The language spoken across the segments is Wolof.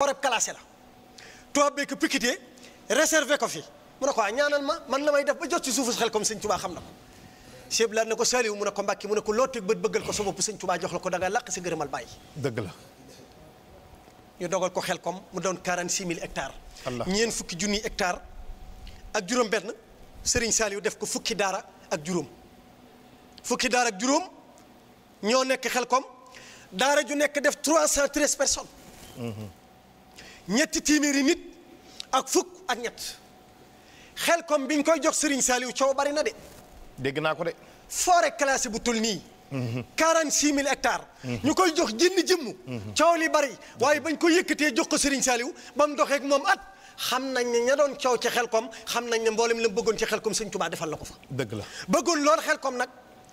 warab classé la tubaab bee ko piquité réservé ko fi mu ne ko ah ñaanal ma man la may def ba jot ci suufu xel comme sëñ Tuubaa xam na ko Cheikh na ne ko Saliou mu ne ko Mbàkke mu ne ko loo teg bët bëggal ko sa bopp sëñ Tuubaa jox la ko da nga làq si gërëmal bàyyi. dëgg la. ñu dogal ko xel comme mu doon 46 000 hectares. allah ñeent fukki junni hectares ak juróom-benn Serigne Saliou def ko fukki daara ak juróom fukki daara ak juróom ñoo nekk xel comme daara ju nekk def 313 personnes. Mhm. ñetti téeméeri nit ak fukk ak ñett xel koom bi biñ koy jox Serigne Saliou coow bari na de. dégg naa ko de. forêt classée bu tul nii. 46 mhm. 000 hectares. Mhm. ñu koy jox jënn jëmm. Mhm. coow li bari waaye bañ ko yëkkatee jox ko Serigne Saliou ba mu doxeek moom at xam nañ ne ña doon coow ci xel kom xam nañ ne mboolem la bëggoon ci xel kom Serigne Touba defal la ko fa. dëgg la bëggoon lool xel kom nag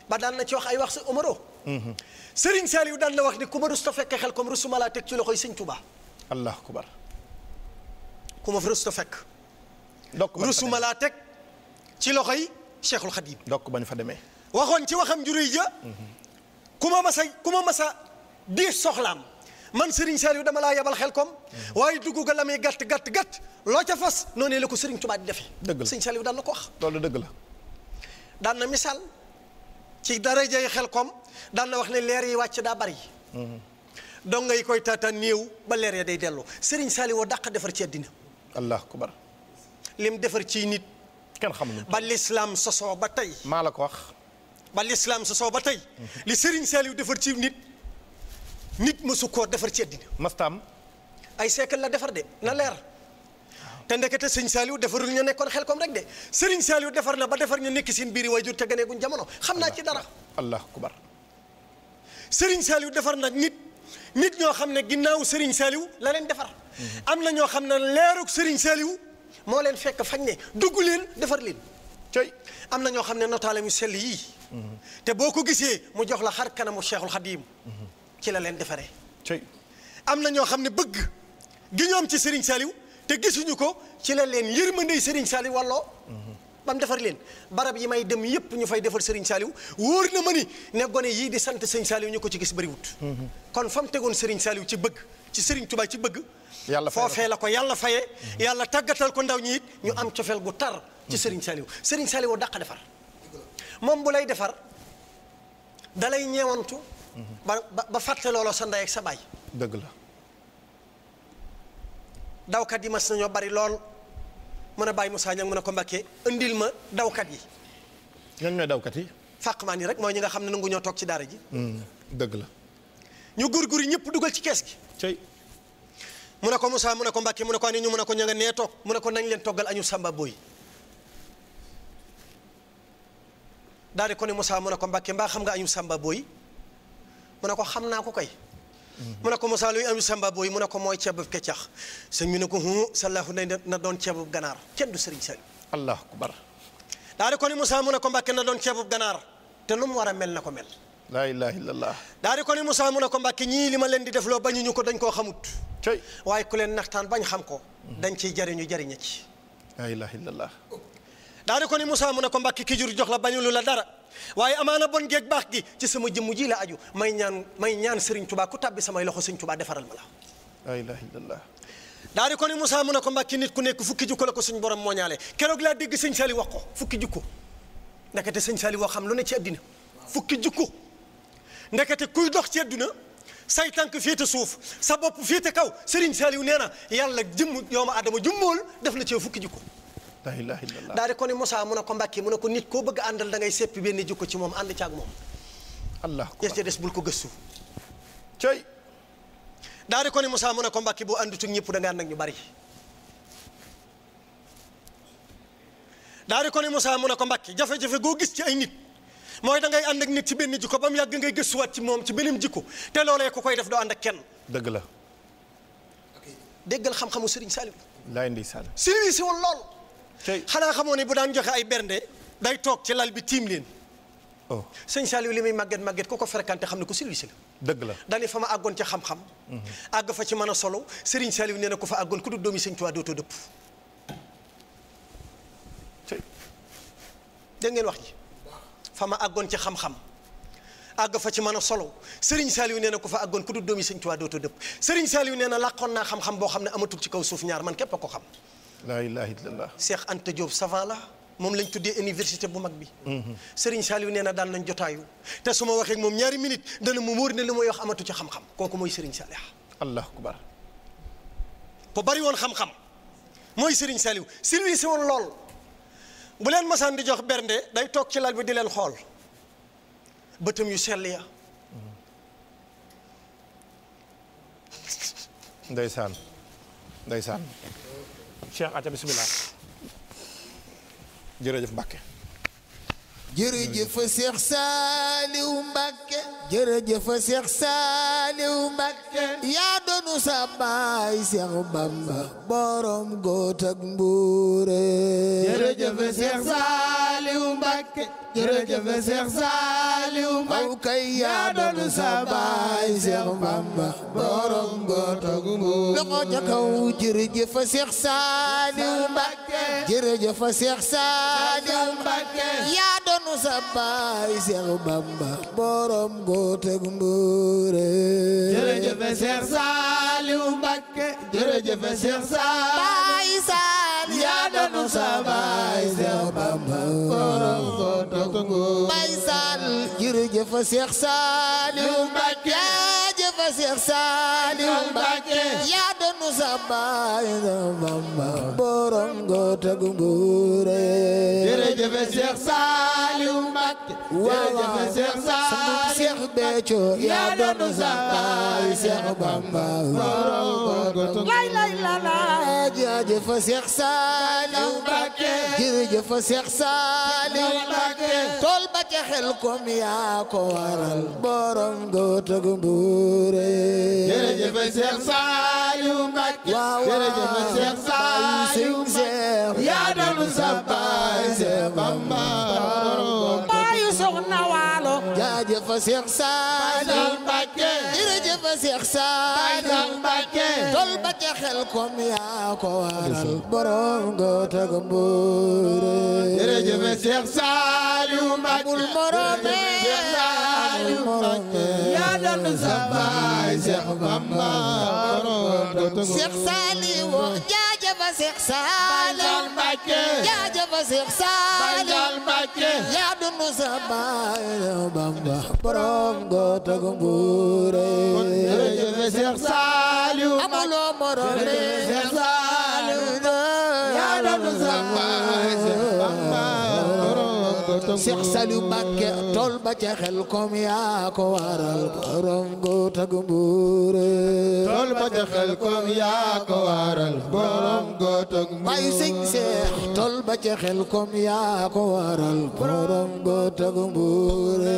ba daan na ci wax ay wax sa Omaro. Serigne Saliou daan na wax ni ku ma rus ta fekk xel kom rusuma laa teg ci loxoy Serigne Touba. allahu akbar. ku ma fa rus ta fekk. dokk ma laa teg ci loxo yi Cheikhul Khadim. dokk bañ fa demee. waxoon ci waxam juróoy ja. Mhm. ku ma masa ku ma masa di soxlaam. man Serigne Saliou dama laa yebal xel koom mhm. waaye dugg ga la muy gàtt gàtt gàtt loo ca fas noonu la ko Serigne Touba di defee. dëgg la Serigne Saliou daan na ko wax. loolu dëgg la. daan na misaal ci daraja yi xel kom daan na wax ne leer yi wàcc daa bari. Mhm. dong ngay koy taataan néew ba leer ya day dellu Serigne Saliou dàq defar ci àddina allah akbar lim defar ci nit. kenn xamul ba lislaam sosoo ba tey. maa la ko wax. ba lislaam sosoo ba tey. Mhm. li Serigne Saliou defar ci nit. nit mësu koo defar ci àddina. mastaam. ay siècle la defar de na leer. te ndekete sëñ Saliou defarul ñu nekkoon xel kom rek de Serigne Saliou defar na ba defar ñu nekk seen biir waajur te ganeeguñ jamono xam naa ci dara. allah akbar Serigne defar na nit. nit ñoo xam ne ginnaaw Serigne Saliou la leen defar. am na ñoo xam ne leerug sëriñ Saliou moo leen fekk fañ ne dugg leen defar leen. am na ñoo xam ne notaale mu sell yii. te boo ko gisee mu jox la xar kanamu Cheikhul Khadim ci la leen defaree. am na ñoo xam ne bëgg gi ñoom ci sëriñ Saliou te gisuñu ko ci la leen yërmandey Serigne Saliou walloo. ba mu defar leen barab yi may dem yépp ñu fay defar Serigne Saliou wóor na ma ni ne gone yii di sant Serigne Saliou ñu ko ci gis bëriwut mhm. kon fa mu tegoon Serigne Saliou ci bëgg ci Serigne Touba ci bëgg yàlla foofee la ko yàlla fayee mhm. yàlla tàggatal ko ndaw ñi it ñu mhm. am cofeel gu tar ci Serigne Saliou Serigne Saliou dàq defar moom bu lay defar dalay ñeewantu ba ba fàtte looloo sa ndey ak sa baay bëgg la dawkat yi mas nañoo bari lool mën a bàyyi Moussa Niang mën a ko mbàkkee indil ma dawkat yi. ñan ñooy dawkat yi. fàqmaan yi rek mooy ñi nga xam ne nangu ñoo toog ci daara ji. Hmm, dëgg la. ñu gurgur yi ñëpp dugal ci kees gi. cey mu ne ko Moussa mu ne ko mbàkkee mu ne ko mu ne ko ña nga nee toog mu ne ko nañ añu Samba Boy. ko ne Moussa mu ko mbàkkee mbaa xam nga añu Samba Boy mu ne ko xam naa ko koy mu ne ko Moussa luy am samba booy mu ne ko mooy ceebub keccax sëñ bi ne ko hu sallahu ne na doon ceebu ganaar kenn du sëriñ sëriñ allah akbar daa di ko ni Moussa mu ne ko Mbàkke na doon ceebub ganaar te lu mu war a mel na ko mel laa ilaha illallah daa di ko ni Moussa mu ne ko Mbàkke ñii li ma leen di def loo ñu ko dañ koo xamut waaye ku leen naxtaan bañ xam ko dañ ciy jariñu jariña ci laa ilaha illallah daa ko ni Moussa mu ne ko mbàkki ki jur jox la bañulu la dara waaye amaana bon géeg baax gi ci sama jëmm ji la aju may ñaan may ñaan Serigne Touba ku tàbbi samay loxo Serigne Touba defaral ma la laa ilaha illallah daa di ko ni Moussa mu ne ko mbàkki nit ku nekk fukki jukko la ko suñ borom mooñaale keroog laa dégg sëñ Sali wax ko fukki jukko ndekete sëñ Sali wax xam lu ne ci àddina fukki jukko ndekete kuy dox ci àddina say tànk féete suuf sa bopp féete kaw Serigne Saliou nee na yàlla jëmm yooma adama jumbool def na ci fukki jukko la ilaha illallah daal ko ni Moussa mu ne ko Mbàkke mu ne ko nit koo bëgg àndal da ngay seppi benn jikko ci moom ànd caag moom allah des bul ko gëstu cey daal di ko ni Moussa mu ne ko mbakki boo àndutu ñëpp da nga ñu bari di ko ni Moussa mu ko Mbàkke jafe-jafe goo gis ci ay nit mooy dangay ngay ànd ak nit ci benn jikko ba mu yàgg ngay gëstuwaat ci moom ci beneen jikko te loolee ko koy def doo ànd ak kenn dëgg la déggal xam-xamu Serigne Saliou laay ndeysaan si lool xanaa xamoon ne bu daan joxe ay bernde day toog ci lal bi tiim leen oh sëñ Saliou li muy màgget màgget ku ko fréquenté xam ne ku silwisi la dëgg la daane fa ma àggoon ca xam mm-hmm. àgg fa ci mën a solo Serigne Saliou nee na ko fa àggoon ku du doomi sëñ Tuubaa dootoo dëpp dégg wax ji fa ma àggoon ci xam-xam àgg fa ci mën a solo Serigne Saliou nee na ko fa àggoon ku du doomi sëñ Tuubaa dootoo dëpp Serigne Saliou nee na làqoon naa xam-xam boo xam ne amatul ci kaw suuf ñaar man képp a ko xam la ilaha illallah Cheikh Anta Diop savant la moom lañ tuddee université bu mag bi. Mhm. Serigne Saliou nee na daan nañ jotaayu te su ma waxee moom ñaari minute dana mu wóor ne li may wax amatu ci xam-xam kooku mooy Serigne Saliou. allahu akbar. ku bari woon xam-xam mooy sëriñ Saliou service lool bu leen masaan di jox bernde day toog ci lal bi di leen xool bëtam yu sell ya. ndeysaan ndeysaan. Cheikh Atta bisimilah. jërëjëf Mbacke. jërëjëf Cheikh Saliou Mbacke. jërëjëf Cheikh Saliou Mbacke. yaa doonu sa baay Cheikh Bamba. borom góot ak mbuure. jërëjëf Cheikh Saliou Mbacke. jërëjëf Cheikh Saliou Mbacke. aw kay yaa doonu sa baay Bamba. loxo ca kaw jërëjëf Seex Saaliw Mbàkke jërëjëf Seex Saaliw Mbàkke yaa doonu sa baay Seex Bamba borom góot ak mbóore jërëjëf Seex Saaliw Mbàkke jërëjëf Seex Saaliw baay Saaliw yaa doonu sa baay Seex Bamba borom góot ak mbóore baay Saaliw jërëjëf Seex Saaliw Mbàkke jërëjëf Seex Saaliw Mbàkke nu sàmbaay na borom go tagu jërëjëf Cheikh Saliou Mbacké jërëjëf Cheikh Saliou Béthio yaa doon sa baay Cheikh Bamba lay lay la la jërëjëf Cheikh Saliou Mbacké jërëjëf Cheikh Saliou Mbacké tool ba ca xel kom yaa ko waral borom góotug mbuure jërëjëf Cheikh Saliou Mbacké jërëjëf Cheikh Saliou Mbacké yaa doon sa baay Bamba baayu soxna ba ca xel kom yaa ko waral borom góota ga mbuure jërëjëf Seex Saaliw yaa doon sa baay Seex Bamba borom góota ga mbuure Seex Saaliw jaajëfa Seex Saalim jaajëfa Seex Saalim yaa dunu sa baay Bamba borom góota gu mbuure jaajëfa Seex Saalim amuloo morom Seex Saalim yaa dunu sa baay Bamba borom góota gu mbuure Seex Saalim Mbàkke tool ba ca xel kom yaa ko waral borom góota gu mbuure ko joxel koom yaa ko waral borom gootoog mburu sëñ seex tol ba joxel koom yaa ko waral borom gootoog mburu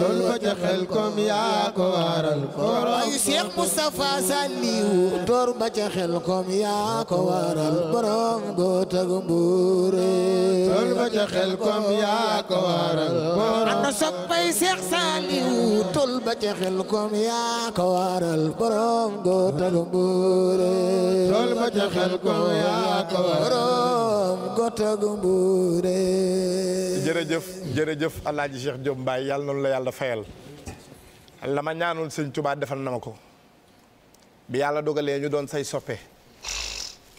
tol ba joxel koom yaa ko waral borom seex Moustapha Saliou tor ba joxel koom yaa ko waral borom gootoog mburu tol ba joxel koom yaa ko waral borom ana soppay seex Saliou tol ba joxel koom yaa ko waral borom gootoog danu mbuure jërëjëf jërëjëf alaaji Cheikh Diop Mbaye yàlla noonu la yàlla fayal la ma ñaanul sëñ Tuubaa defal na ma ko bi yàlla dogalee ñu doon say soppe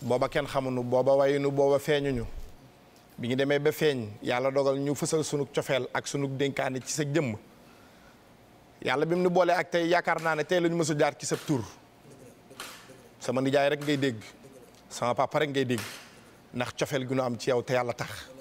booba kenn nu booba wayuñu booba feeñuñu bi ñu demee ba feeñ yàlla dogal ñu fësal sunu cofeel ak sunu dénkaane ci sa jëmm yàlla bim mu nu boolee ak tey yaakaar naa ne tey la mësu jaar ci sa tur sama nijaay rek ngay dégg sama papa rek ngay dégg ndax cofeel gi am ci yow te yàlla tax